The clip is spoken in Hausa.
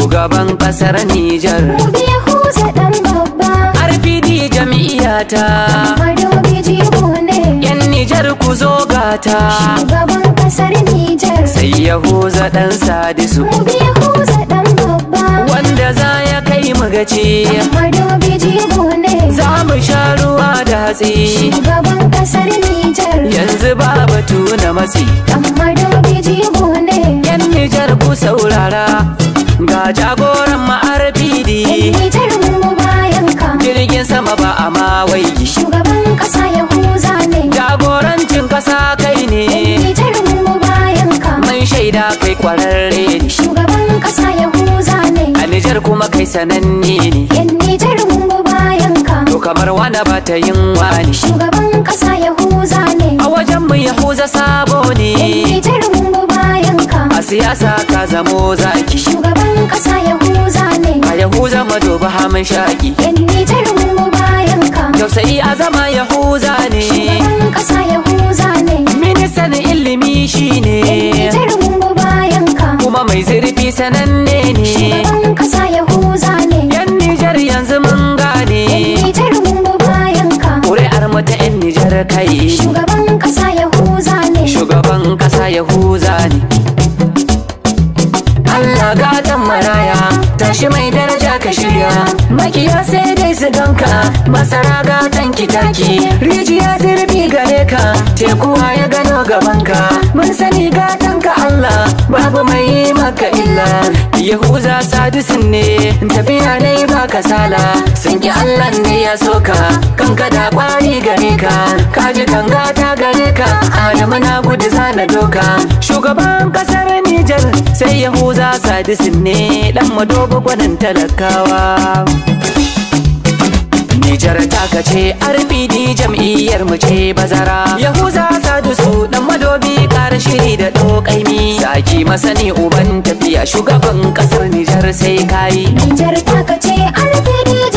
shugaban kasar Nijar. huza dan babba. RPD jam'iyyata. Madobi ne. Yan Nijar ku zo gata. Shugaban kasar Nijar. Sai Yahuza dan sadisu. Yahuza dan babba. Wanda za ya kai magaci. Madobi jigo ne. Za mu sha ruwa da hatsi. Shugaban kasar Nijar. Yanzu ba batu na matsi. ne. Yan Nijar ku saurara. ga jagoran ma'arfi di jirgin sama ba a mawai shugaban kasa ya huza ne jagorancin kasa kai ne mun shaida kai kwararre ne shugaban kasa ya huza ne a nijar kuma kai sananne ne yan nijar mun bayan ka to kamar wani ba ta yin wani shugaban kasa ya shaki shugaban kasa yahuza ne a yahuza madoba hamun shaki yan nijar mu bayan ka tausayi azama yahuza ne shugaban kasa yahuza ne ministan ilimi shine yan nijar mu bayan ka kuma mai zurfi sananne ne shugaban kasa yahuza ne yan nijar yanzu mun gane yan nijar mu bayan ka ƙuri'ar mu ta yan nijar kai shugaban kasa yahuza ne shugaban kasa yahuza gatan maraya tashi mai daraja ka shirya makiya sai dai su ganka masara gatan kitaki rijiya zirbi gare ka teku ya gano gabanka mun sani gatan ka Allah babu mai yi maka illa yahuza sadisin ne tafiya ne ba kasala sun ki Allah ne ya soka kanka da kwari gare ka kaji kanga ta gare ka adamu na gudu zana doka shugaban kasar sai yahuza sadisin ne dan madogo gwanin talakawa Nijar taka ce RPD jam'iyyar mu ce bazara Yahuza Sadusu dan madobi kara shiri da dokaimi Saki masani uban tafiya shugaban kasar Nijar sai kai Nijar taka ce RPD